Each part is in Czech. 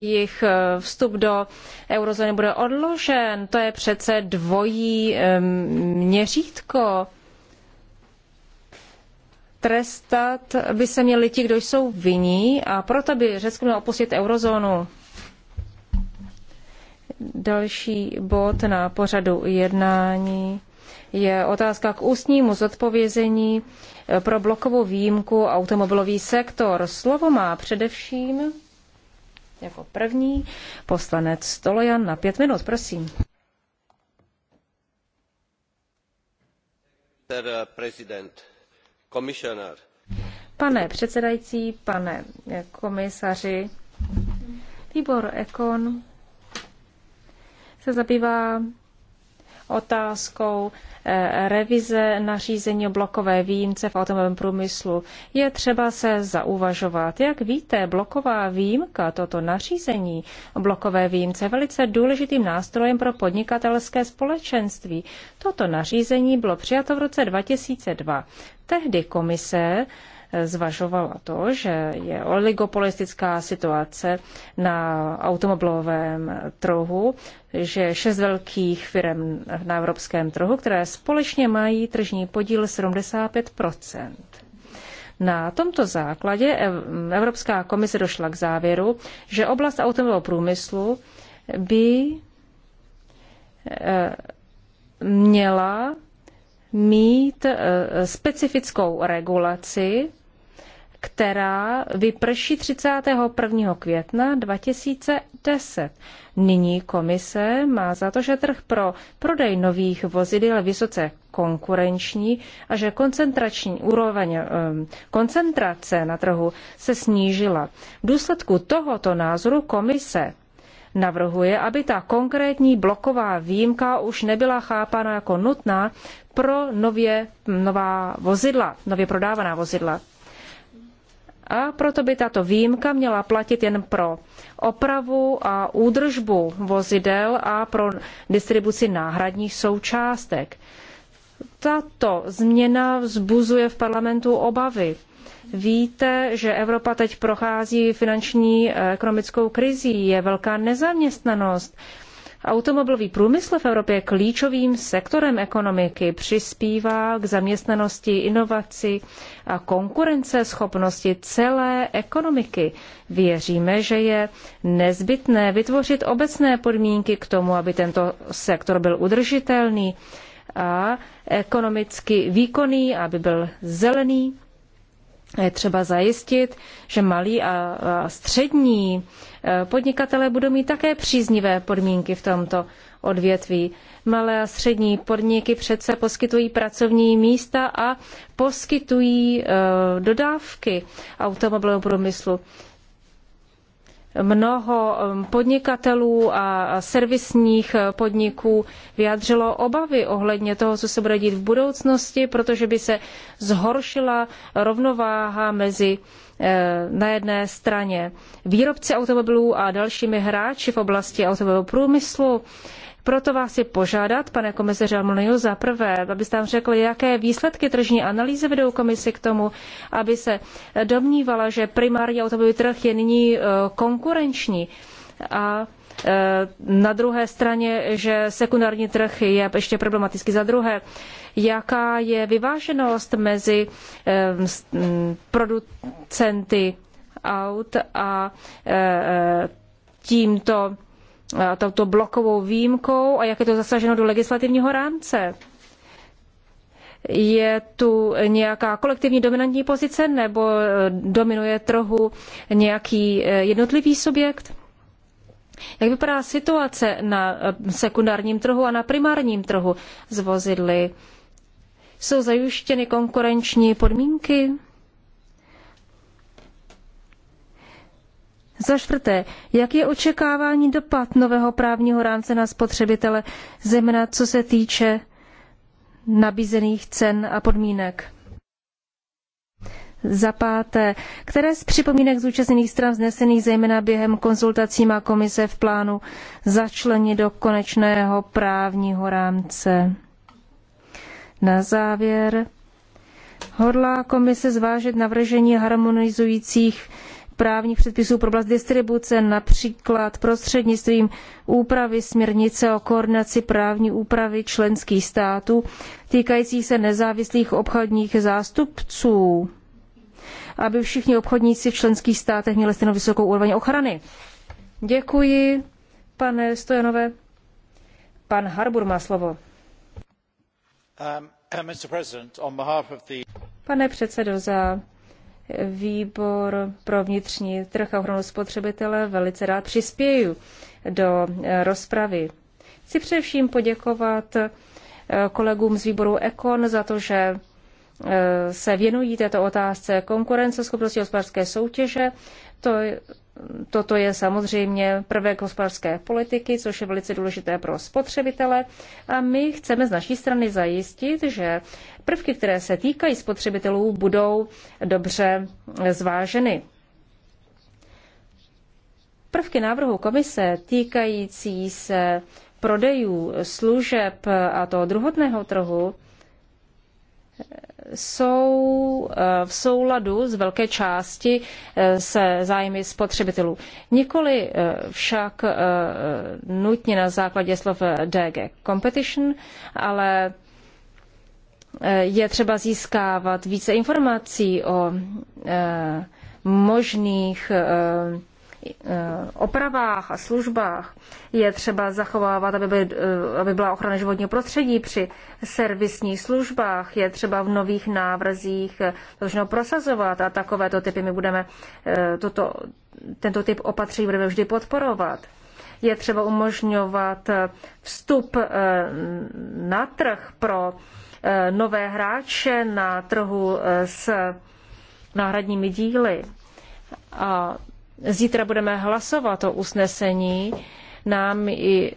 jejich eh, vstup do eurozóny bude odložen. To je přece dvojí měřítko. Trestat by se měli ti, kdo jsou vinní a proto by Řecko mělo opustit eurozónu. Další bod na pořadu jednání je otázka k ústnímu zodpovězení eh, pro blokovou výjimku automobilový sektor. Slovo má především jako první poslanec Stolojan na pět minut, prosím. Pane předsedající, pane komisaři, výbor Ekon se zabývá otázkou eh, revize nařízení o blokové výjimce v automobilovém průmyslu. Je třeba se zauvažovat. Jak víte, bloková výjimka, toto nařízení o blokové výjimce je velice důležitým nástrojem pro podnikatelské společenství. Toto nařízení bylo přijato v roce 2002. Tehdy komise zvažovala to, že je oligopolistická situace na automobilovém trhu, že šest velkých firm na evropském trhu, které společně mají tržní podíl 75 na tomto základě Evropská komise došla k závěru, že oblast automobilového průmyslu by eh, měla mít eh, specifickou regulaci, která vyprší 31. května 2010. Nyní komise má za to, že trh pro prodej nových vozidel je vysoce konkurenční a že koncentrační úroveň eh, koncentrace na trhu se snížila. V důsledku tohoto názoru komise navrhuje, aby ta konkrétní bloková výjimka už nebyla chápána jako nutná pro nově nová vozidla, nově prodávaná vozidla. A proto by tato výjimka měla platit jen pro opravu a údržbu vozidel a pro distribuci náhradních součástek. Tato změna vzbuzuje v parlamentu obavy. Víte, že Evropa teď prochází finanční ekonomickou krizí, je velká nezaměstnanost Automobilový průmysl v Evropě je klíčovým sektorem ekonomiky, přispívá k zaměstnanosti, inovaci a konkurenceschopnosti celé ekonomiky. Věříme, že je nezbytné vytvořit obecné podmínky k tomu, aby tento sektor byl udržitelný a ekonomicky výkonný, aby byl zelený je třeba zajistit, že malí a střední e, podnikatelé budou mít také příznivé podmínky v tomto odvětví. Malé a střední podniky přece poskytují pracovní místa a poskytují e, dodávky automobilovému průmyslu mnoho um, podnikatelů a servisních eh, podniků vyjádřilo obavy ohledně toho, co se bude dít v budoucnosti, protože by se zhoršila rovnováha mezi eh, na jedné straně výrobci automobilů a dalšími hráči v oblasti automobilového průmyslu proto vás chci požádat, pane komisaři Almonio, za prvé, abyste nám řekl, jaké výsledky tržní analýzy vedou komisi k tomu, aby se domnívala, že primární automobilový trh je nyní eh, konkurenční a eh, na druhé straně, že sekundární trh je ještě problematický. Za druhé, jaká je vyváženost mezi eh, producenty aut a tímto touto blokovou výjimkou a jak je to zasaženo do legislativního rámce. Je tu nějaká kolektivní dominantní pozice nebo e, dominuje trhu nějaký e, jednotlivý subjekt? Jak vypadá situace na e, sekundárním trhu a na primárním trhu s vozidly? Jsou zajištěny konkurenční podmínky? Za čtvrté, jak je očekávání dopad nového právního rámce na spotřebitele, zejména co se týče nabízených cen a podmínek? Za páté, které z připomínek zúčastněných stran vznesených zejména během konzultací má komise v plánu začlenit do konečného právního rámce? Na závěr, hodlá komise zvážit navržení harmonizujících právních předpisů pro oblast distribuce, například prostřednictvím úpravy směrnice o koordinaci právní úpravy členských států týkající se nezávislých obchodních zástupců, aby všichni obchodníci v členských státech měli stejnou vysokou úroveň ochrany. Děkuji, pane Stojanové. Pan Harbour má slovo. Um, uh, pane předsedo, za výbor pro vnitřní trh a ochranu spotřebitele velice rád přispěju do rozpravy. Chci především poděkovat eh, kolegům z výboru Ekon za to, že eh, se věnují této otázce konkurenceschopnosti hospodářské soutěže. To Toto je samozřejmě prvek hospodářské politiky, což je velice důležité pro spotřebitele. A my chceme z naší strany zajistit, že prvky, které se týkají spotřebitelů, budou dobře zváženy. Prvky návrhu komise týkající se prodejů služeb a toho druhotného trhu jsou eh, v souladu z velké části eh, se zájmy spotřebitelů. Nikoli eh, však nutně na základě slov DG Competition, ale je třeba získávat více informací o možných Eh, opravách a službách je třeba zachovávat, aby, by, eh, aby byla ochrana životního prostředí při servisních službách, je třeba v nových návrzích možno eh, prosazovat a takovéto typy my budeme toto, tento typ opatření budeme vždy podporovat. Je třeba umožňovat vstup na trh pro nové hráče na trhu s náhradními díly. A Zítra budeme hlasovat o usnesení. Nám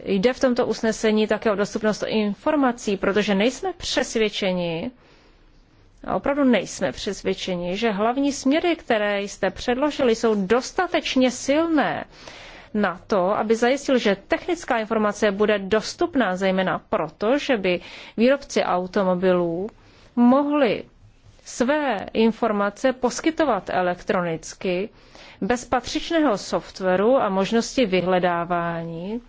jde v tomto usnesení také o dostupnost informací, protože nejsme přesvědčeni, a opravdu nejsme přesvědčeni, že hlavní směry, které jste předložili, jsou dostatečně silné na to, aby zajistil, že technická informace bude dostupná, zejména proto, že by výrobci automobilů mohli své informace poskytovat elektronicky, bez patřičného softwaru a možnosti vyhledávání,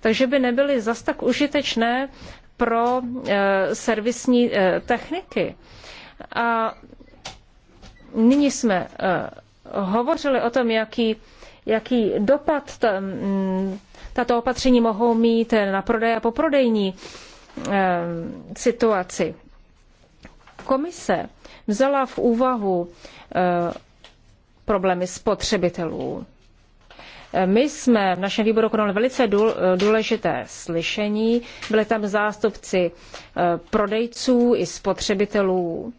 takže by nebyly zas tak užitečné pro eh, servisní eh, techniky. A nyní jsme eh, hovořili o tom, jaký, jaký dopad mm, tato opatření mohou mít na prodej a poprodejní situaci. Komise vzala v úvahu problémy spotřebitelů. E, my jsme v našem výboru konali velice e, důležité slyšení. Byli tam zástupci e, prodejců i spotřebitelů.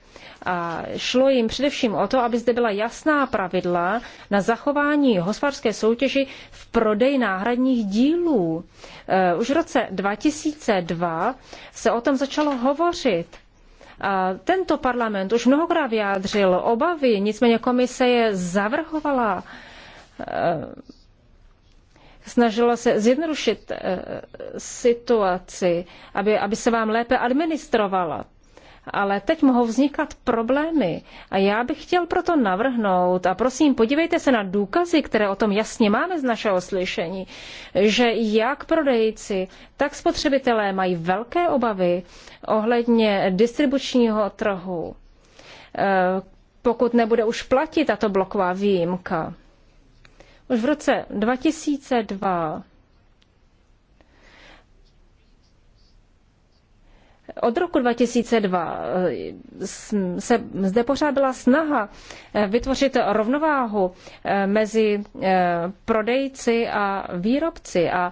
A šlo jim především o to, aby zde byla jasná pravidla na zachování hospodářské soutěži v prodeji náhradních dílů. Už v roce 2002 se o tom začalo hovořit tento parlament už mnohokrát vyjádřil obavy, nicméně komise je zavrhovala, eh, snažila se zjednodušit eh, situaci, aby, aby se vám lépe administrovala ale teď mohou vznikat problémy. A já bych chtěl proto navrhnout, a prosím, podívejte se na důkazy, které o tom jasně máme z našeho slyšení, že jak prodejci, tak spotřebitelé mají velké obavy ohledně distribučního trhu, eh, pokud nebude už platit tato bloková výjimka. Už v roce 2002 Od roku 2002 eh, se zde pořád byla snaha eh, vytvořit rovnováhu eh, mezi prodejci a výrobci. A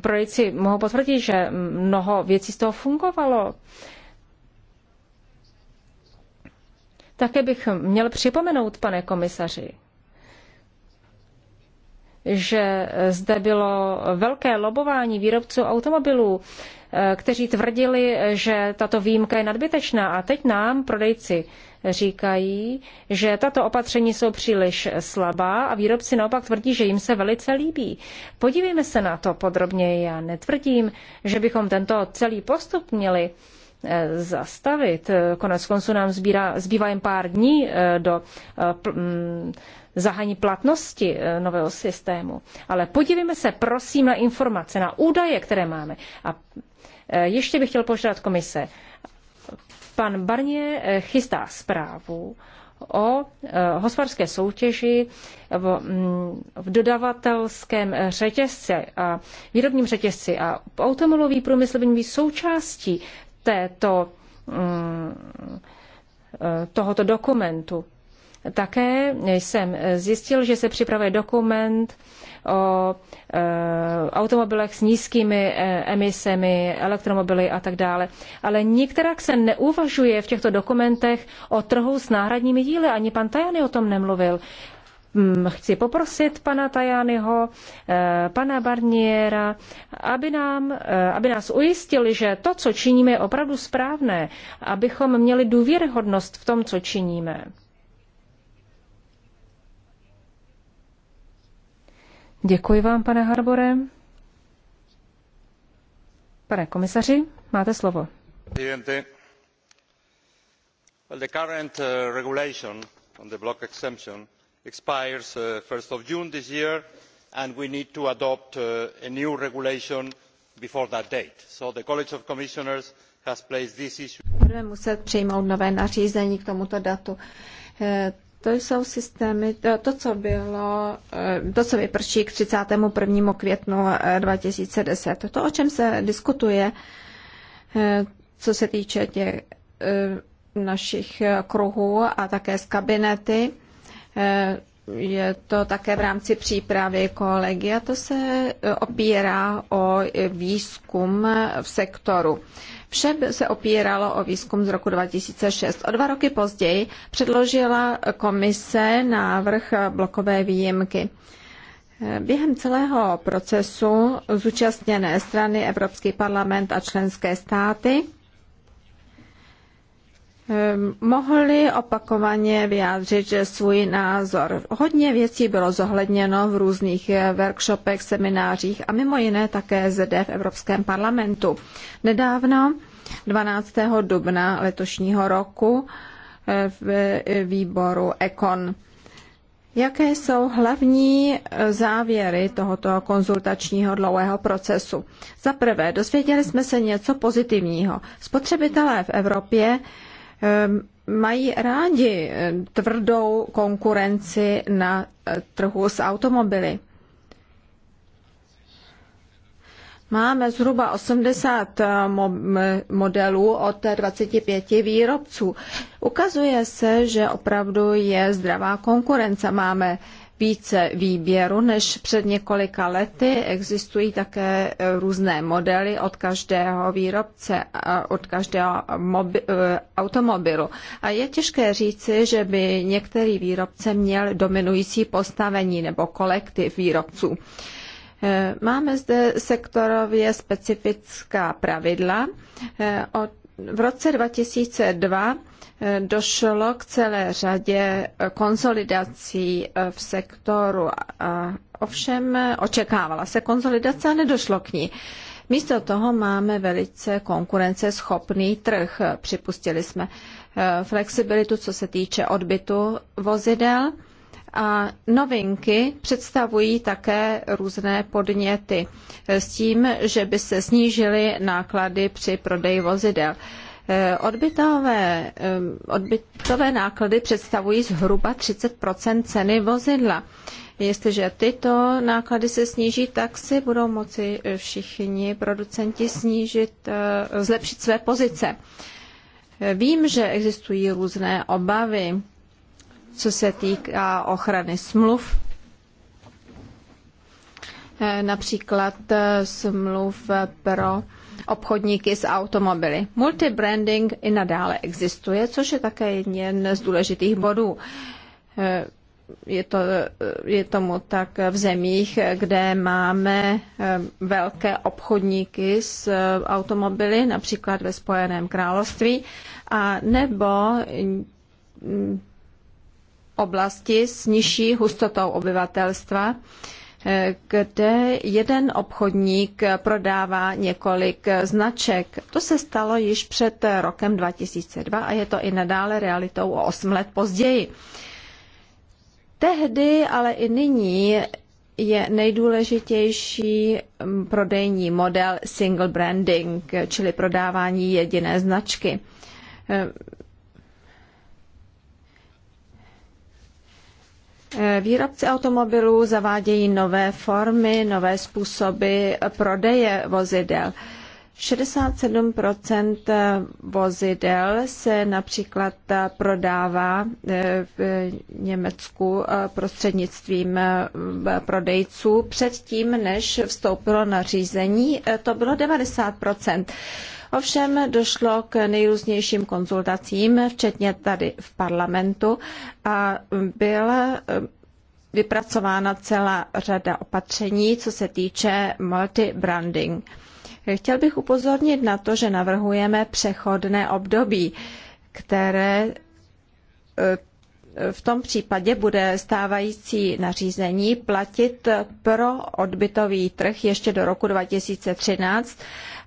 prodejci mohou potvrdit, že mnoho věcí z toho fungovalo. Také bych měl připomenout, pane komisaři, že zde bylo velké lobování výrobců automobilů, eh, kteří tvrdili, že tato výjimka je nadbytečná. A teď nám prodejci říkají, že tato opatření jsou příliš slabá a výrobci naopak tvrdí, že jim se velice líbí. Podívejme se na to podrobněji. Já netvrdím, že bychom tento celý postup měli Eh, zastavit. Konec konců nám zbírá, zbývá jen pár dní eh, do eh, mm, zahání platnosti nového systému. Ale podívejme se prosím na informace, na údaje, které máme. A ještě bych chtěl požádat komise. Pan Barnier chystá zprávu o hospodářské soutěži v, mm, v dodavatelském řetězci a výrobním řetězci a automobilový průmysl by měl být součástí této, mm, tohoto dokumentu. Také jsem zjistil, že se připravuje dokument o eh, automobilech s nízkými eh, emisemi, elektromobily a tak dále. Ale některá se neuvažuje v těchto dokumentech o trhu s náhradními díly. Ani pan Tajany o tom nemluvil. Mm, chci poprosit pana Tajányho, eh, pana Barniera, aby, nám, eh, aby nás ujistili, že to, co činíme, je opravdu správné, abychom měli důvěryhodnost v tom, co činíme. Děkuji vám, pane Harbore. Pane komisaři, máte slovo. Well, the current uh, regulation on the block exemption expires uh, one june this year and we need to adopt uh, a new regulation before that date so the college of commissioners has placed this issue. budeme muset přijmout nové nařízení k tomuto datu. Eh, to jsou systémy, to, to, co bylo, eh, to, co vyprší k 31. květnu 2010. Eh, to, o čem se diskutuje, co se týče těch našich kruhů a také z kabinety, je to také v rámci přípravy kolegy a to se e, opírá o výzkum v sektoru. Vše se opíralo o výzkum z roku 2006. O dva roky později předložila komise návrh blokové výjimky. Během celého procesu zúčastněné strany Evropský parlament a členské státy Ehm, mohli opakovaně vyjádřit svůj názor. Hodně věcí bylo zohledněno v různých eh, workshopech, seminářích a mimo jiné také zde v Evropském parlamentu. Nedávno, 12. dubna letošního roku, eh, v eh, výboru ECON. Jaké jsou hlavní závěry tohoto konzultačního dlouhého procesu? Za prvé, dozvěděli jsme se něco pozitivního. Spotřebitelé v Evropě Ehm, mají rádi eh, tvrdou konkurenci na eh, trhu s automobily. Máme zhruba 80 eh, modelů od 25 výrobců. Ukazuje se, že opravdu je zdravá konkurence. Máme více výběru než před několika lety. Existují také eh, různé modely od každého výrobce, od každého eh, automobilu. A je těžké říci, že by některý výrobce měl dominující postavení nebo kolektiv výrobců. Eh, máme zde sektorově specifická pravidla, v roce 2002 eh, došlo k celé řadě eh, konsolidací eh, v sektoru. Ovšem očekávala se konsolidace a nedošlo k ní. Místo toho máme velice konkurenceschopný trh. Připustili jsme flexibilitu, co se týče odbytu vozidel a novinky představují také různé podněty s tím, že by se snížily náklady při prodeji vozidel. Eh, odbytové, eh, odbytové náklady představují zhruba 30 ceny vozidla. Jestliže tyto náklady se sníží, tak si budou moci eh, všichni producenti snížit, zlepšit své pozice. Vím, že existují různé obavy co se týká ochrany smluv, eh, například eh, smluv pro obchodníky s automobily. Multibranding i nadále existuje, což je také jeden z důležitých bodů. Eh, je, to, je tomu tak v zemích, kde máme velké obchodníky s automobily, například ve Spojeném království, a nebo mm, oblasti s nižší hustotou obyvatelstva, eh, kde jeden obchodník prodává několik značek. To se stalo již před rokem 2002 a je to i nadále realitou o 8 let později. Tehdy, ale i nyní je nejdůležitější prodejní model single branding, čili prodávání jediné značky. Eh, výrobci automobilů zavádějí nové formy, nové způsoby prodeje vozidel. 67 vozidel se například prodává eh, v Německu eh, prostřednictvím prodejců. Předtím, než vstoupilo na řízení, to bylo 90 Ovšem došlo k nejrůznějším konzultacím, včetně tady v parlamentu a byla eh, vypracována celá řada opatření, co se týče multibranding. Chtěl bych upozornit na to, že navrhujeme přechodné období, které eh, v tom případě bude stávající nařízení platit pro odbytový trh ještě do roku 2013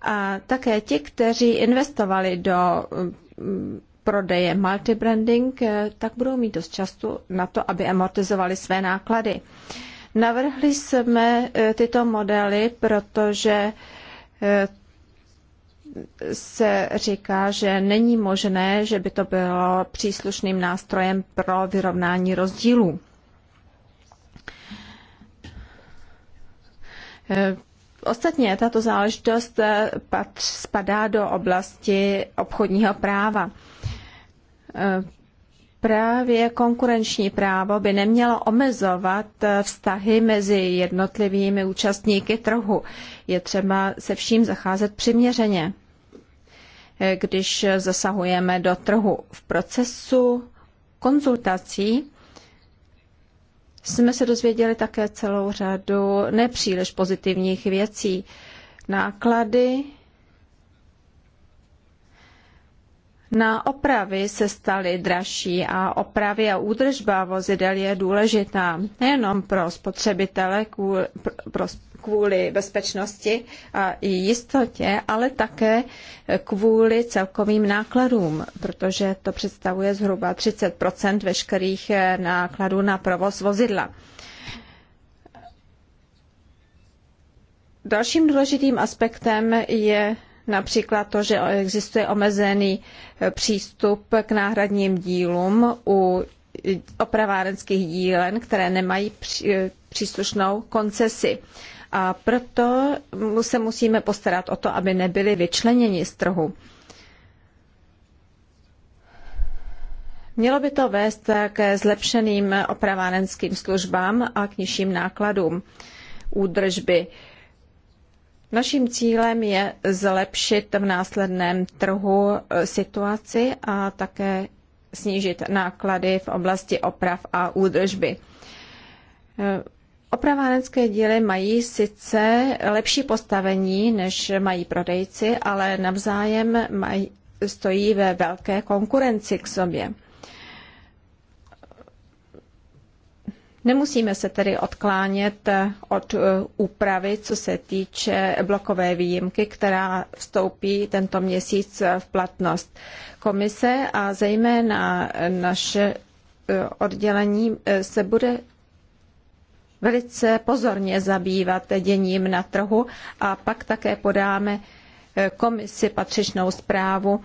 a také ti, kteří investovali do mm, prodeje multibranding, eh, tak budou mít dost času na to, aby amortizovali své náklady. Navrhli jsme eh, tyto modely, protože eh, se říká, že není možné, že by to bylo příslušným nástrojem pro vyrovnání rozdílů. Ostatně tato záležitost eh, spadá do oblasti obchodního práva. Eh, právě konkurenční právo by nemělo omezovat eh, vztahy mezi jednotlivými účastníky trhu. Je třeba se vším zacházet přiměřeně když zasahujeme do trhu. V procesu konzultací jsme se dozvěděli také celou řadu nepříliš pozitivních věcí. Náklady na opravy se staly dražší a opravy a údržba vozidel je důležitá nejenom pro spotřebitele kvůli, bezpečnosti a jistotě, ale také kvůli celkovým nákladům, protože to představuje zhruba 30 veškerých nákladů na provoz vozidla. Dalším důležitým aspektem je Například to, že existuje omezený eh, přístup k náhradním dílům u eh, opravárenských dílen, které nemají eh, příslušnou koncesi. A proto se musíme postarat o to, aby nebyly vyčleněni z trhu. Mělo by to vést ke zlepšeným opravárenským službám a k nižším nákladům údržby. Naším cílem je zlepšit v následném trhu eh, situaci a také snížit náklady v oblasti oprav a údržby. Eh, opravárenské díly mají sice lepší postavení, než mají prodejci, ale navzájem mají, stojí ve velké konkurenci k sobě. Nemusíme se tedy odklánět eh, od eh, úpravy, co se týče blokové výjimky, která vstoupí tento měsíc eh, v platnost. Komise a zejména naše oddělení se bude velice pozorně zabývat děním na trhu a pak také podáme komisi patřičnou zprávu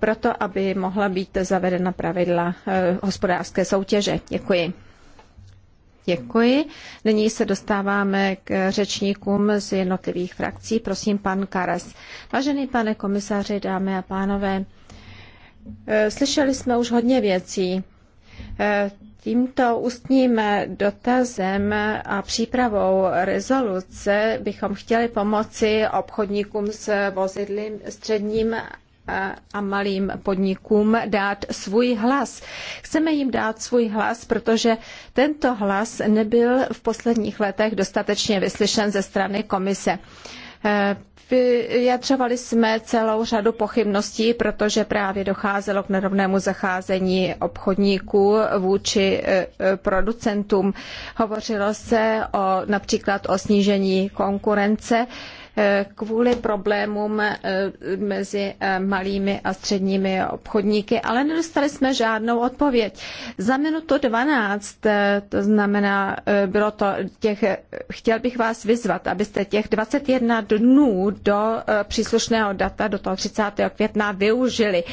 proto, aby mohla být zavedena pravidla hospodářské soutěže. Děkuji. Děkuji. Nyní se dostáváme k řečníkům z jednotlivých frakcí. Prosím, pan Karas. Vážený pane komisaři, dámy a pánové, eh, slyšeli jsme už hodně věcí. Eh, tímto ústním dotazem a přípravou rezoluce bychom chtěli pomoci obchodníkům s vozidly středním a malým podnikům dát svůj hlas. Chceme jim dát svůj hlas, protože tento hlas nebyl v posledních letech dostatečně vyslyšen ze strany komise. E, vyjadřovali jsme celou řadu pochybností, protože právě docházelo k nerovnému zacházení obchodníků vůči e, e, producentům. Hovořilo se o, například o snížení konkurence kvůli problémům eh, mezi eh, malými a středními obchodníky, ale nedostali jsme žádnou odpověď. Za minutu 12, eh, to znamená, bylo to těch, chtěl bych vás vyzvat, abyste těch 21 dnů do příslušného data, do toho 30. května využili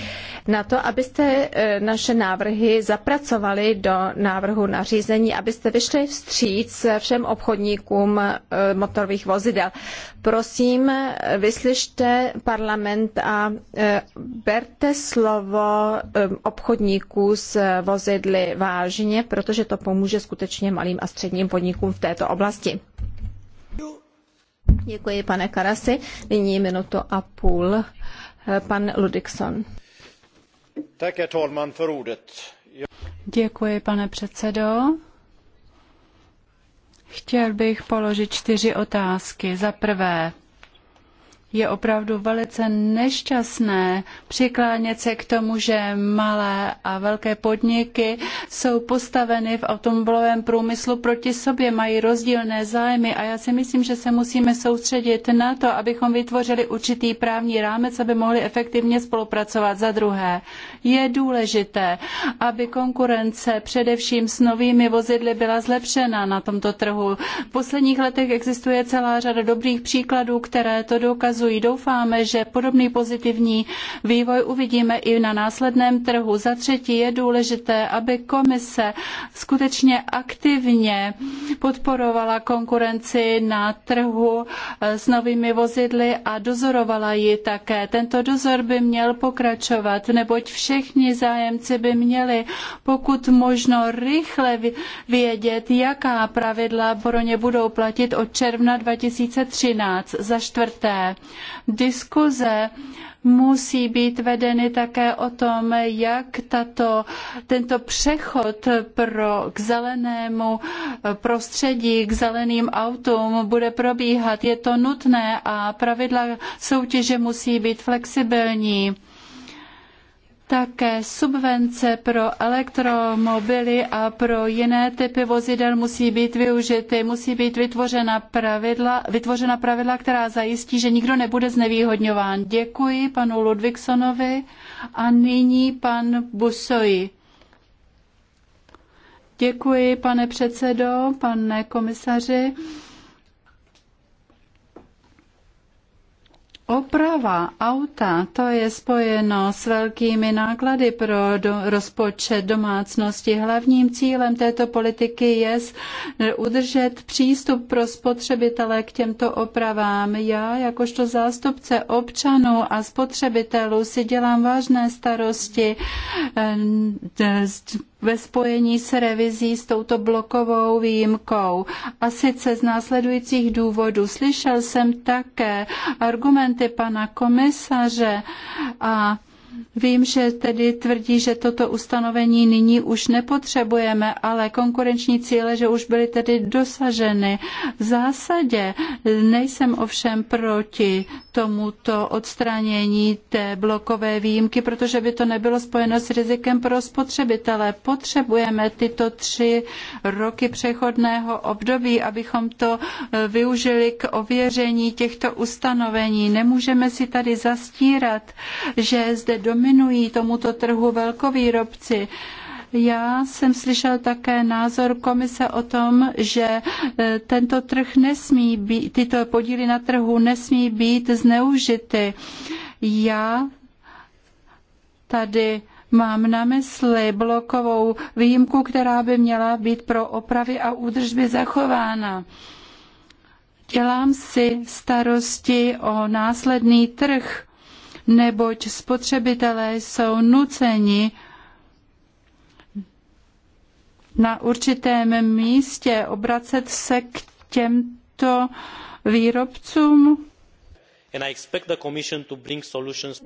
na to, abyste naše návrhy zapracovali do návrhu nařízení, abyste vyšli vstříc všem obchodníkům motorových vozidel. Prosím, prosím, vyslyšte parlament a e, berte slovo e, obchodníků s vozidly vážně, protože to pomůže skutečně malým a středním podnikům v této oblasti. Děkuji, pane Nyní a půl. E, pan Ludikson. Tak, ordet. Děkuji, pane předsedo. Chtěl bych položit čtyři otázky. Za prvé, je opravdu velice nešťastné přiklánět se k tomu, že malé a velké podniky jsou postaveny v automobilovém průmyslu proti sobě, mají rozdílné zájmy a já si myslím, že se musíme soustředit na to, abychom vytvořili určitý právní rámec, aby mohli efektivně spolupracovat. Za druhé, je důležité, aby konkurence především s novými vozidly byla zlepšena na tomto trhu. V posledních letech existuje celá řada dobrých příkladů, které to dokazují ukazují. Doufáme, že podobný pozitivní vývoj uvidíme i na následném trhu. Za třetí je důležité, aby komise skutečně aktivně podporovala konkurenci na trhu eh, s novými vozidly a dozorovala ji také. Tento dozor by měl pokračovat, neboť všichni zájemci by měli pokud možno rychle vědět, jaká pravidla pro ně budou platit od června 2013. Za čtvrté, Diskuze musí být vedeny také o tom, jak tato, tento přechod pro, k zelenému prostředí, k zeleným autům bude probíhat. Je to nutné a pravidla soutěže musí být flexibilní také subvence pro elektromobily a pro jiné typy vozidel musí být využity, musí být vytvořena pravidla, vytvořena pravidla, která zajistí, že nikdo nebude znevýhodňován. Děkuji panu Ludvigsonovi a nyní pan Busoji. Děkuji, pane předsedo, pane komisaři. Oprava auta, to je spojeno s velkými náklady pro do, rozpočet domácnosti. Hlavním cílem této politiky je e, udržet přístup pro spotřebitele k těmto opravám. Já, jakožto zástupce občanů a spotřebitelů, si dělám vážné starosti e, e, ve spojení s revizí s touto blokovou výjimkou. A sice z následujících důvodů. Slyšel jsem také argumenty pana komisaře a Vím, že tedy tvrdí, že toto ustanovení nyní už nepotřebujeme, ale konkurenční cíle, že už byly tedy dosaženy. V zásadě nejsem ovšem proti tomuto odstranění té blokové výjimky, protože by to nebylo spojeno s rizikem pro spotřebitele. Potřebujeme tyto tři roky přechodného období, abychom to e, využili k ověření těchto ustanovení. Nemůžeme si tady zastírat, že zde dominují tomuto trhu velkovýrobci. Já jsem slyšel také názor komise o tom, že e, tento trh nesmí být, tyto podíly na trhu nesmí být zneužity. Já tady Mám na mysli blokovou výjimku, která by měla být pro opravy a údržby zachována. Dělám si starosti o následný trh neboť spotřebitelé jsou nuceni na určitém místě obracet se k těmto výrobcům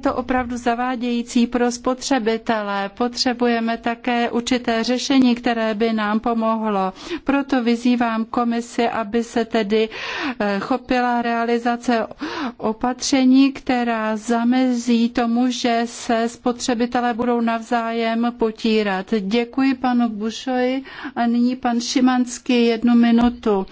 to opravdu zavádějící pro spotřebitele. Potřebujeme také určité řešení, které by nám pomohlo. Proto vyzývám komisi, aby se tedy eh, chopila realizace opatření, která zamezí tomu, že se spotřebitelé budou navzájem potírat. Děkuji panu Bušoji a nyní pan Šimanský jednu minutu.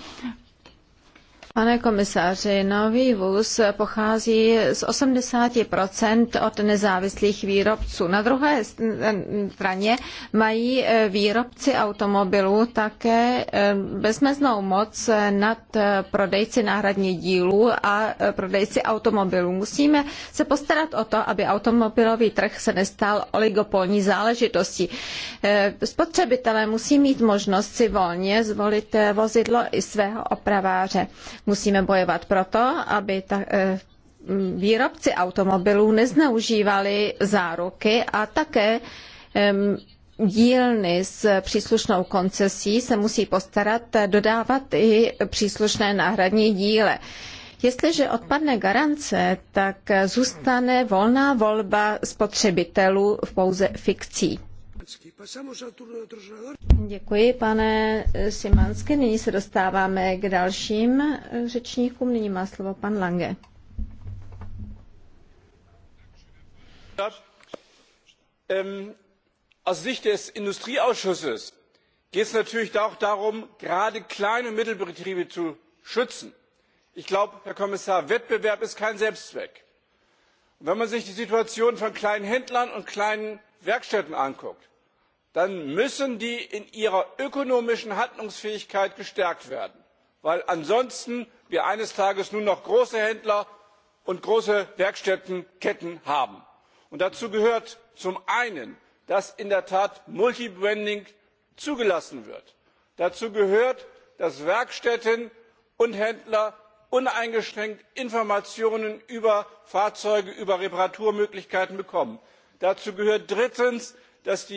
Pane komisáři, nový vůz pochází z 80% od nezávislých výrobců. Na druhé straně mají eh, výrobci automobilů také eh, bezmeznou moc nad eh, prodejci náhradních dílů a prodejci automobilů. Musíme se postarat o to, aby automobilový trh se nestal oligopolní záležitostí. Spotřebitelé musí mít možnost si volně zvolit vozidlo i svého opraváře. Musíme bojovat proto, aby ta, eh, výrobci automobilů nezneužívali záruky a také dílny s příslušnou koncesí se musí postarat eh, dodávat i příslušné náhradní díle. Jestliže odpadne garance, tak eh, zůstane volná volba spotřebitelů v pouze fikcí. Děkuji, pane Simansky. Nyní se dostáváme k dalším řečníkům. Nyní má slovo pan Lange. Ähm, aus Sicht des Industrieausschusses geht es natürlich auch darum, gerade kleine und Mittelbetriebe zu schützen. Ich glaube, Herr Kommissar, Wettbewerb ist kein Selbstzweck. Und wenn man sich die Situation von kleinen Händlern und kleinen Werkstätten anguckt, dann müssen die in ihrer ökonomischen handlungsfähigkeit gestärkt werden weil wir ansonsten eines tages nur noch große händler und große werkstättenketten haben. dazu gehört zum einen dass in der tat multibranding zugelassen wird. dazu gehört dass werkstätten und händler uneingeschränkt informationen über fahrzeuge über reparaturmöglichkeiten bekommen. dazu gehört drittens dass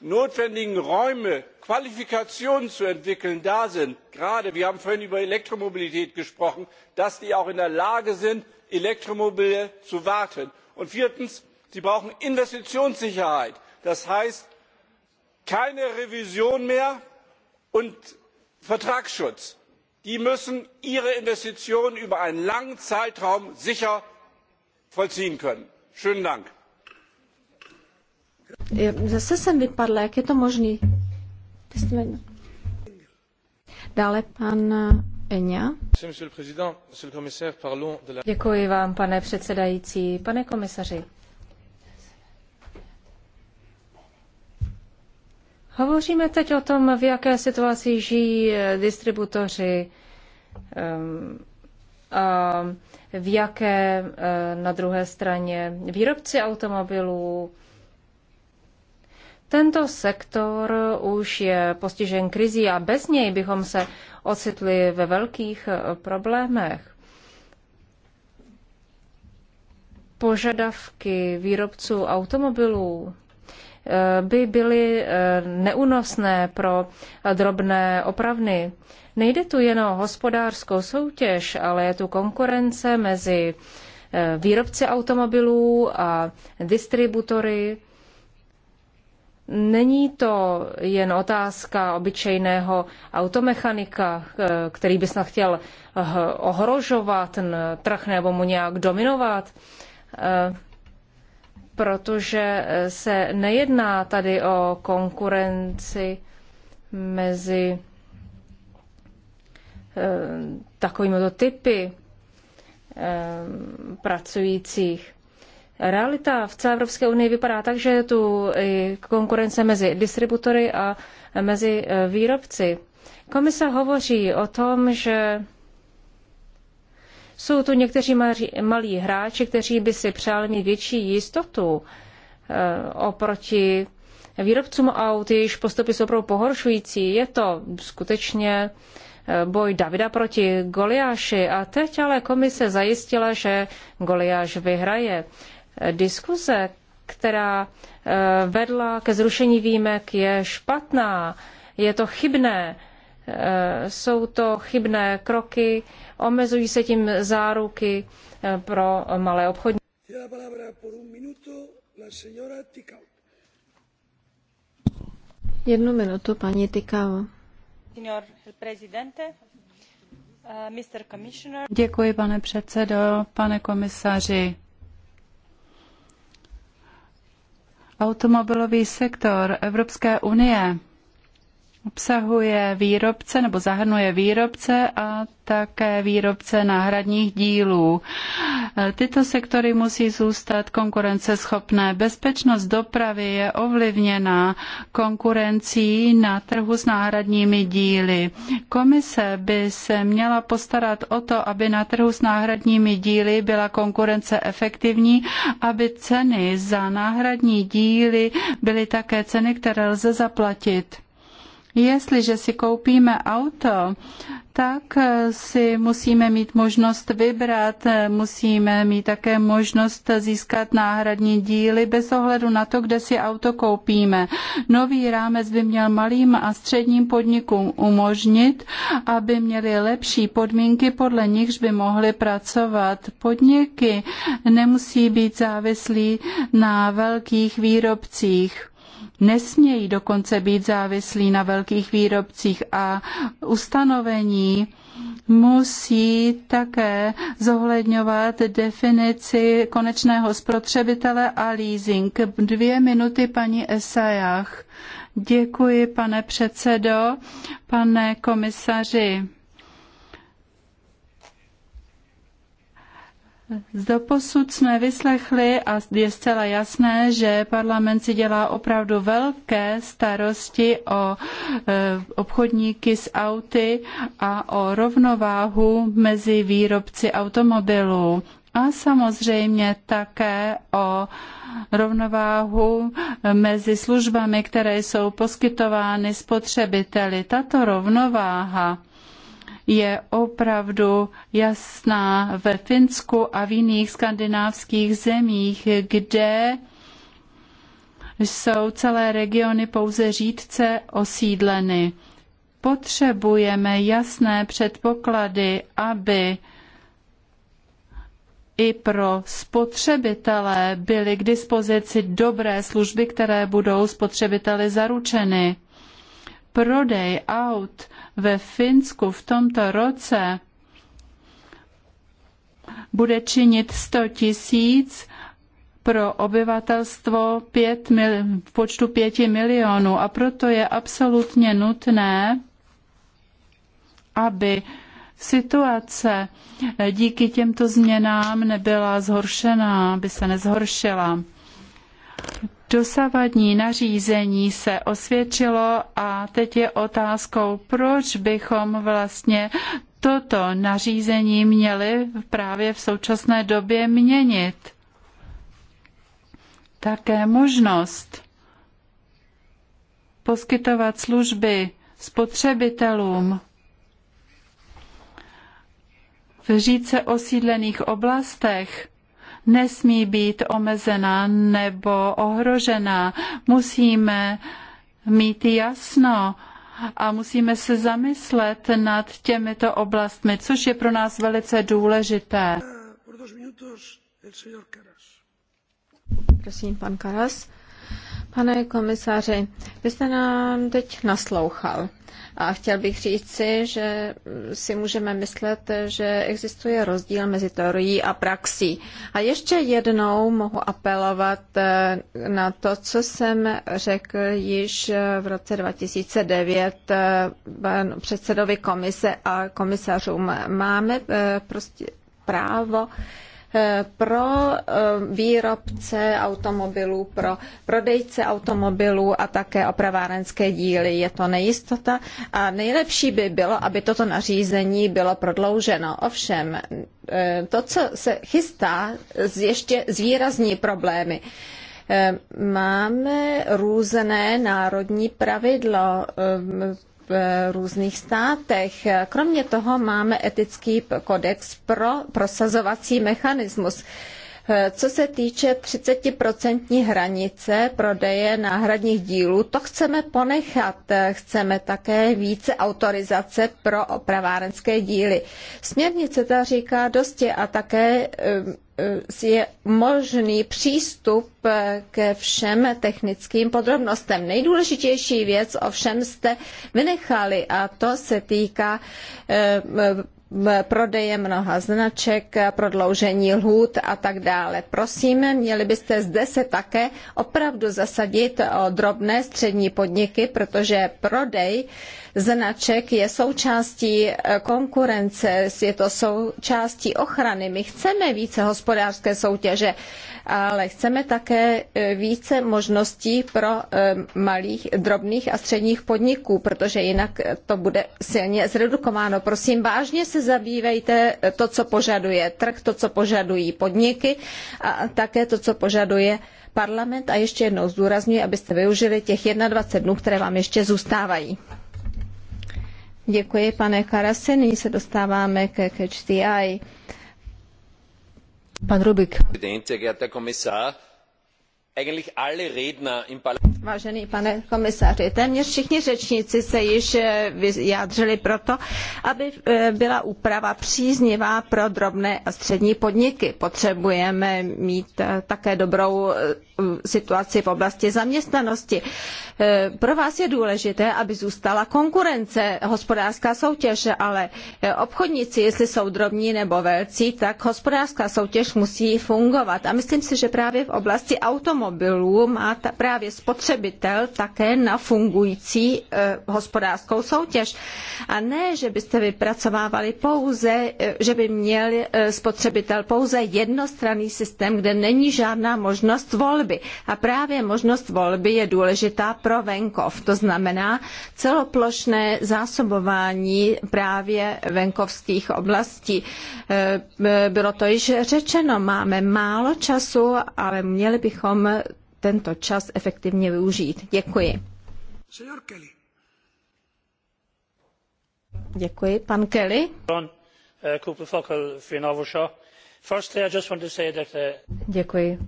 notwendigen räume qualifikationen zu entwickeln da sind gerade wir haben vorhin über elektromobilität gesprochen dass die auch in der lage sind elektromobile zu warten. und viertens sie brauchen investitionssicherheit das heißt keine revision mehr und vertragsschutz. die müssen ihre investitionen über einen langen zeitraum sicher vollziehen können. Zase jsem vypadla, jak je to možný? Dále pan eh, Eňa. Děkuji vám, pane předsedající. Pane komisaři, Hovoříme teď o tom, v jaké situaci žijí eh, distributoři ehm, a v jaké eh, na druhé straně výrobci automobilů, tento sektor už je postižen krizí a bez něj bychom se ocitli ve velkých eh, problémech. Požadavky výrobců automobilů eh, by byly eh, neúnosné pro drobné opravny. Nejde tu jen o hospodářskou soutěž, ale je tu konkurence mezi výrobci automobilů a distributory Není to jen otázka obyčejného automechanika, eh, který by snad chtěl eh, ohrožovat trh nebo mu nějak dominovat, eh, protože se nejedná tady o konkurenci mezi takovými typy pracujících. Realita v celé Evropské unii vypadá tak, že je tu i konkurence mezi distributory a mezi e, výrobci. Komise hovoří o tom, že jsou tu někteří malí hráči, kteří by si přáli mít větší jistotu e, oproti výrobcům aut, jejichž postupy jsou opravdu pohoršující. Je to skutečně e, boj Davida proti Goliáši a teď ale komise zajistila, že Goliáš vyhraje diskuze, která eh, vedla ke zrušení výjimek, je špatná, je to chybné, eh, jsou to chybné kroky, omezují se tím záruky eh, pro malé obchodní. Jednu minutu, paní Tikao. Děkuji, pane předsedo, pane komisaři. automobilový sektor Evropské unie obsahuje výrobce nebo zahrnuje výrobce a také výrobce náhradních dílů. Tyto sektory musí zůstat konkurenceschopné. Bezpečnost dopravy je ovlivněna konkurencí na trhu s náhradními díly. Komise by se měla postarat o to, aby na trhu s náhradními díly byla konkurence efektivní, aby ceny za náhradní díly byly také ceny, které lze zaplatit. Jestliže si koupíme auto, tak eh, si musíme mít možnost vybrat, eh, musíme mít také možnost získat náhradní díly bez ohledu na to, kde si auto koupíme. Nový rámec by měl malým a středním podnikům umožnit, aby měli lepší podmínky, podle nichž by mohli pracovat. Podniky nemusí být závislí na velkých výrobcích nesmějí dokonce být závislí na velkých výrobcích a ustanovení musí také zohledňovat definici konečného spotřebitele a leasing. Dvě minuty paní Esajach. Děkuji, pane předsedo, pane komisaři. Doposud jsme vyslechli a je zcela jasné, že parlament si dělá opravdu velké starosti o e, obchodníky s auty a o rovnováhu mezi výrobci automobilů a samozřejmě také o rovnováhu mezi službami, které jsou poskytovány spotřebiteli. Tato rovnováha je opravdu jasná ve Finsku a v jiných skandinávských zemích, kde jsou celé regiony pouze řídce osídleny. Potřebujeme jasné předpoklady, aby i pro spotřebitele byly k dispozici dobré služby, které budou spotřebiteli zaručeny prodej aut ve Finsku v tomto roce bude činit 100 tisíc pro obyvatelstvo pět mil, v počtu 5 milionů a proto je absolutně nutné, aby situace díky těmto změnám nebyla zhoršená, aby se nezhoršila. Dosavadní nařízení se osvědčilo a teď je otázkou, proč bychom vlastně toto nařízení měli právě v současné době měnit. Také možnost poskytovat služby spotřebitelům v říce osídlených oblastech nesmí být omezená nebo ohrožena. Musíme mít jasno a musíme se zamyslet nad těmito oblastmi, což je pro nás velice důležité. Eh, Prosím, pan Karas. Pane komisáři, vy jste nám teď naslouchal a chtěl bych říci, že si můžeme myslet, že existuje rozdíl mezi teorií a praxí. A ještě jednou mohu apelovat eh, na to, co jsem řekl již v roce 2009 eh, předsedovi komise a komisařům. Máme eh, prostě právo Eh, pro eh, výrobce automobilů, pro prodejce automobilů a také opravárenské díly. Je to nejistota a nejlepší by bylo, aby toto nařízení bylo prodlouženo. Ovšem, eh, to, co se chystá, ještě zvýrazní problémy máme různé národní pravidlo v různých státech. Kromě toho máme etický kodex pro prosazovací mechanismus. Co se týče 30% hranice prodeje náhradních dílů, to chceme ponechat. Chceme také více autorizace pro opravárenské díly. Směrnice ta říká dosti a také eh, je možný přístup eh, ke všem technickým podrobnostem. Nejdůležitější věc ovšem jste vynechali a to se týká eh, prodeje mnoha značek, prodloužení lhůt a tak dále. Prosím, měli byste zde se také opravdu zasadit o drobné střední podniky, protože prodej uh, značek je součástí eh, konkurence, je to součástí ochrany. My chceme více hospodářské soutěže, ale chceme také eh, více možností pro eh, malých, drobných a středních podniků, protože jinak to bude silně zredukováno. Prosím, vážně se zabývejte to, co požaduje trh, to, co požadují podniky a také to, co požaduje parlament a ještě jednou zdůrazňuji, abyste využili těch 21 dnů, které vám ještě zůstávají. Děkuji, pane Karase. Nyní se dostáváme ke Catch the Eye. Pan Rubik. Vážený pane komisaři, téměř všichni řečníci se již eh, vyjádřili pro to, aby eh, byla úprava příznivá pro drobné a střední podniky. Potřebujeme mít eh, také dobrou situaci v oblasti zaměstnanosti. Pro vás je důležité, aby zůstala konkurence, hospodářská soutěž, ale obchodníci, jestli jsou drobní nebo velcí, tak hospodářská soutěž musí fungovat. A myslím si, že právě v oblasti automobilů automobilů má ta, právě spotřebitel také na fungující e, hospodářskou soutěž. A ne, že byste vypracovávali pouze, e, že by měl e, spotřebitel pouze jednostranný systém, kde není žádná možnost volby. A právě možnost volby je důležitá pro venkov. To znamená celoplošné zásobování právě venkovských oblastí. Bylo to již řečeno, máme málo času, ale měli bychom tento čas efektivně využít. Děkuji. Kelly. Děkuji. Pan Kelly. Eh, eh, Děkuji.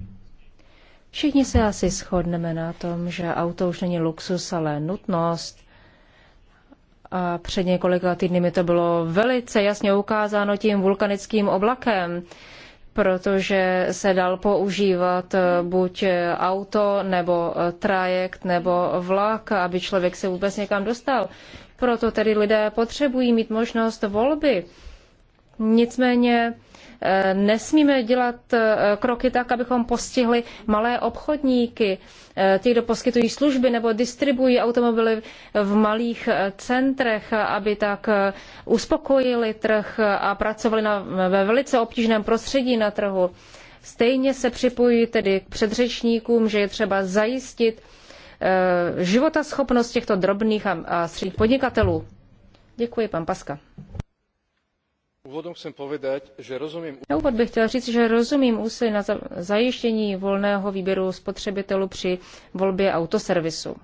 Všichni se asi shodneme na tom, že auto už není luxus, ale nutnost. A před několika týdny mi to bylo velice jasně ukázáno tím vulkanickým oblakem, protože se dal používat eh, buď eh, auto, nebo eh, trajekt, nebo vlak, aby člověk se vůbec někam dostal. Proto tedy lidé potřebují mít možnost volby Nicméně eh, nesmíme dělat eh, kroky tak, abychom postihli malé obchodníky, eh, ty, kdo poskytují služby nebo distribuují automobily v malých centrech, aby tak uspokojili trh a pracovali na, ve velice obtížném prostředí na trhu. Stejně se připojuji tedy k předřečníkům, že je třeba zajistit životaschopnost těchto drobných a, a středních podnikatelů. Děkuji, pan Paska. Úvodem povedať, že rozumím... Na úvod bych chtěl říct, že rozumím úsilí na zajištění volného výběru spotřebitelů při volbě autoservisu.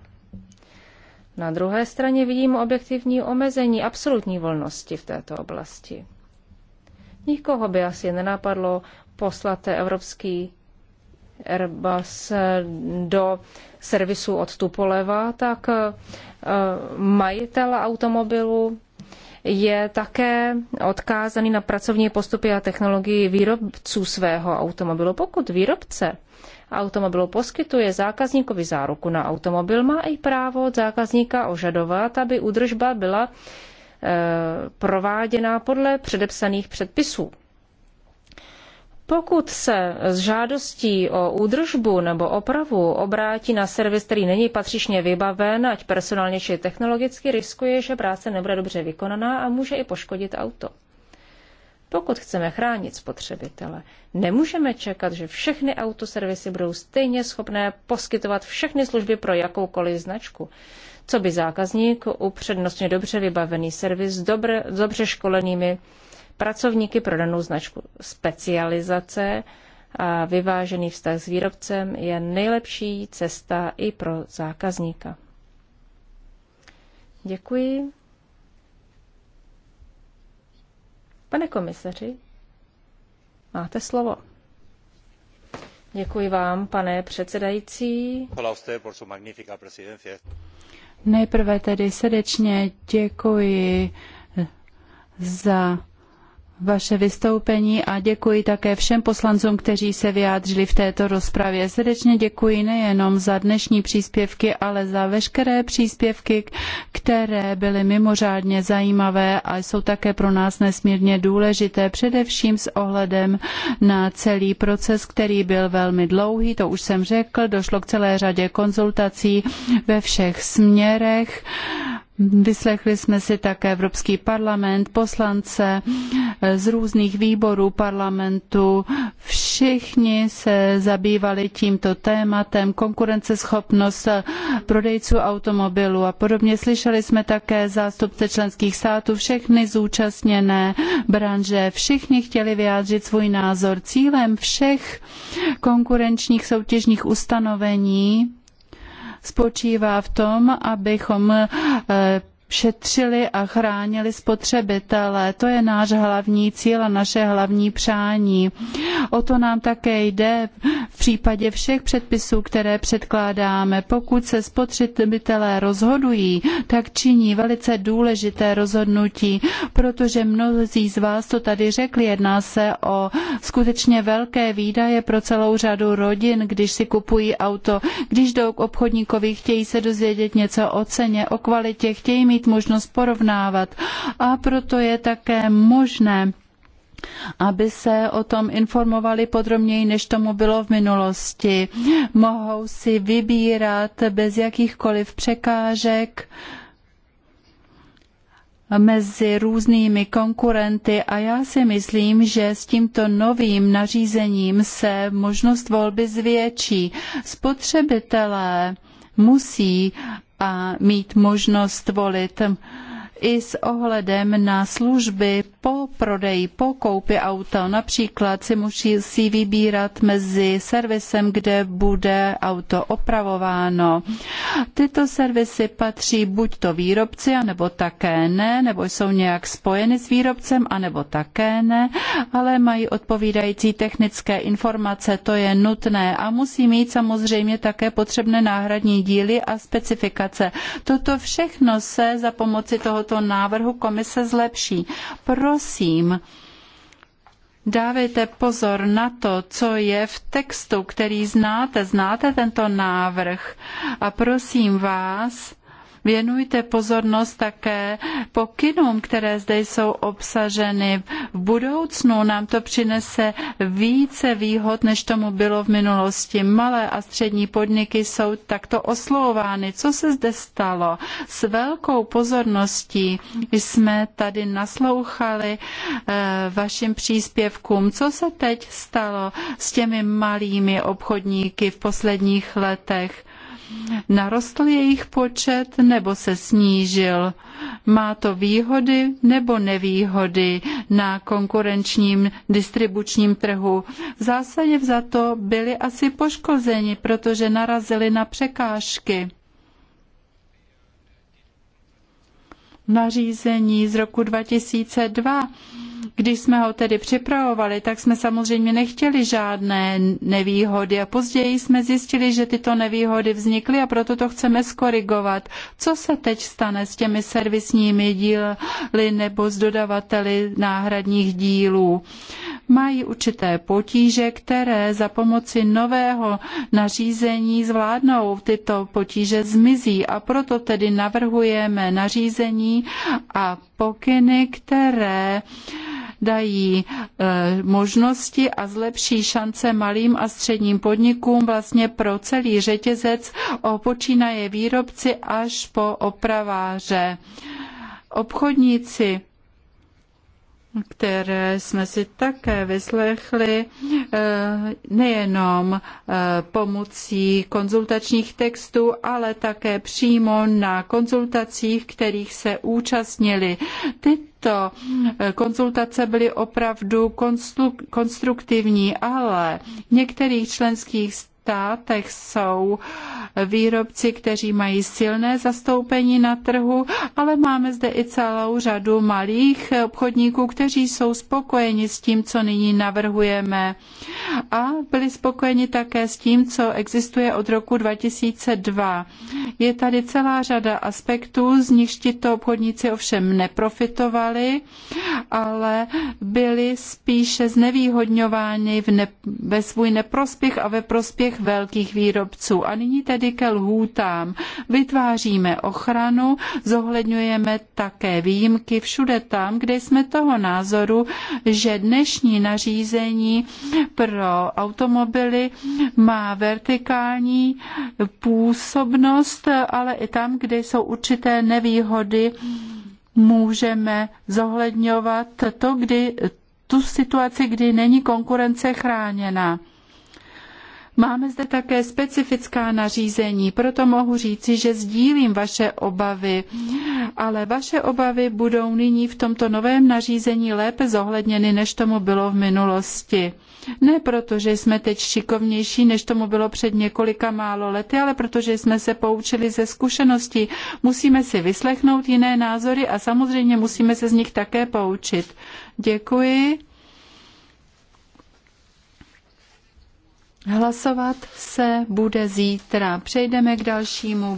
Na druhé straně vidím objektivní omezení absolutní volnosti v této oblasti. Nikoho by asi nenapadlo poslat evropský Airbus do servisu od Tupoleva, tak eh, majitel automobilu je také odkázaný na pracovní postupy a technologii výrobců svého automobilu. Pokud výrobce automobilu poskytuje zákazníkovi záruku na automobil, má i právo od zákazníka ožadovat, aby údržba byla e, eh, prováděna podle předepsaných předpisů. Pokud se s žádostí o údržbu nebo opravu obrátí na servis, který není patřičně vybaven, ať personálně či technologicky, riskuje, že práce nebude dobře vykonaná a může i poškodit auto. Pokud chceme chránit spotřebitele, nemůžeme čekat, že všechny autoservisy budou stejně schopné poskytovat všechny služby pro jakoukoliv značku. Co by zákazník upřednostně dobře vybavený servis s dobře, dobře školenými pracovníky pro danou značku. Specializace a vyvážený vztah s výrobcem je nejlepší cesta i pro zákazníka. Děkuji. Pane komisaři, máte slovo. Děkuji vám, pane předsedající. Nejprve tedy srdečně děkuji za vaše vystoupení a děkuji také všem poslancům, kteří se vyjádřili v této rozpravě. Srdečně děkuji nejenom za dnešní příspěvky, ale za veškeré příspěvky, které byly mimořádně zajímavé a jsou také pro nás nesmírně důležité, především s ohledem na celý proces, který byl velmi dlouhý, to už jsem řekl, došlo k celé řadě konzultací ve všech směrech. Vyslechli jsme si také Evropský parlament, poslance, z různých výborů parlamentu. Všichni se zabývali tímto tématem, konkurenceschopnost prodejců automobilů a podobně. Slyšeli jsme také zástupce členských států, všechny zúčastněné branže. Všichni chtěli vyjádřit svůj názor. Cílem všech konkurenčních soutěžních ustanovení spočívá v tom, abychom eh, šetřili a chránili spotřebitele. To je náš hlavní cíl a naše hlavní přání. O to nám také jde v případě všech předpisů, které předkládáme. Pokud se spotřebitelé rozhodují, tak činí velice důležité rozhodnutí, protože mnozí z vás to tady řekli, jedná se o skutečně velké výdaje pro celou řadu rodin, když si kupují auto, když jdou k obchodníkovi, chtějí se dozvědět něco o ceně, o kvalitě, chtějí mít mít možnost porovnávat a proto je také možné aby se o tom informovali podrobněji, než tomu bylo v minulosti. Mohou si vybírat bez jakýchkoliv překážek mezi různými konkurenty a já si myslím, že s tímto novým nařízením se možnost volby zvětší. Spotřebitelé musí a mít možnost volit i s ohledem na služby prodeji, po koupi auta. Například si musí si vybírat mezi servisem, kde bude auto opravováno. Tyto servisy patří buď to výrobci, anebo také ne, nebo jsou nějak spojeny s výrobcem, anebo také ne, ale mají odpovídající technické informace, to je nutné a musí mít samozřejmě také potřebné náhradní díly a specifikace. Toto všechno se za pomoci tohoto návrhu komise zlepší. Prosím, prosím, dávejte pozor na to, co je v textu, který znáte. Znáte tento návrh a prosím vás, Věnujte pozornost také pokynům, které zde jsou obsaženy. V budoucnu nám to přinese více výhod, než tomu bylo v minulosti. Malé a střední podniky jsou takto oslovovány. Co se zde stalo? S velkou pozorností jsme tady naslouchali eh, vašim příspěvkům. Co se teď stalo s těmi malými obchodníky v posledních letech? Narostl jejich počet nebo se snížil? Má to výhody nebo nevýhody na konkurenčním distribučním trhu? V zásadě za to byli asi poškozeni, protože narazili na překážky. Nařízení z roku 2002 když jsme ho tedy připravovali, tak jsme samozřejmě nechtěli žádné nevýhody a později jsme zjistili, že tyto nevýhody vznikly a proto to chceme skorigovat. Co se teď stane s těmi servisními díly nebo s dodavateli náhradních dílů? Mají určité potíže, které za pomoci nového nařízení zvládnou. Tyto potíže zmizí a proto tedy navrhujeme nařízení a pokyny, které dají eh, možnosti a zlepší šance malým a středním podnikům vlastně pro celý řetězec počínaje výrobci až po opraváře obchodníci které jsme si také vyslechli eh, nejenom eh, pomocí konzultačních textů, ale také přímo na konzultacích, kterých se účastnili. Tyto eh, konzultace byly opravdu konstruktivní, ale v některých členských státech jsou výrobci, kteří mají silné zastoupení na trhu, ale máme zde i celou řadu malých obchodníků, kteří jsou spokojeni s tím, co nyní navrhujeme a byli spokojeni také s tím, co existuje od roku 2002. Je tady celá řada aspektů, z nichž tito obchodníci ovšem neprofitovali, ale byli spíše znevýhodňováni v ne, ve svůj neprospěch a ve prospěch velkých výrobců. A nyní tedy ke lhůtám. Vytváříme ochranu, zohledňujeme také výjimky všude tam, kde jsme toho názoru, že dnešní nařízení pro automobily má vertikální působnost, ale i tam, kde jsou určité nevýhody, můžeme zohledňovat to, kdy tu situaci, kdy není konkurence chráněna. Máme zde také specifická nařízení, proto mohu říci, že sdílím vaše obavy, ale vaše obavy budou nyní v tomto novém nařízení lépe zohledněny, než tomu bylo v minulosti. Ne proto, že jsme teď šikovnější, než tomu bylo před několika málo lety, ale protože jsme se poučili ze zkušeností. Musíme si vyslechnout jiné názory a samozřejmě musíme se z nich také poučit. Děkuji. Hlasovat se bude zítra. Přejdeme k dalšímu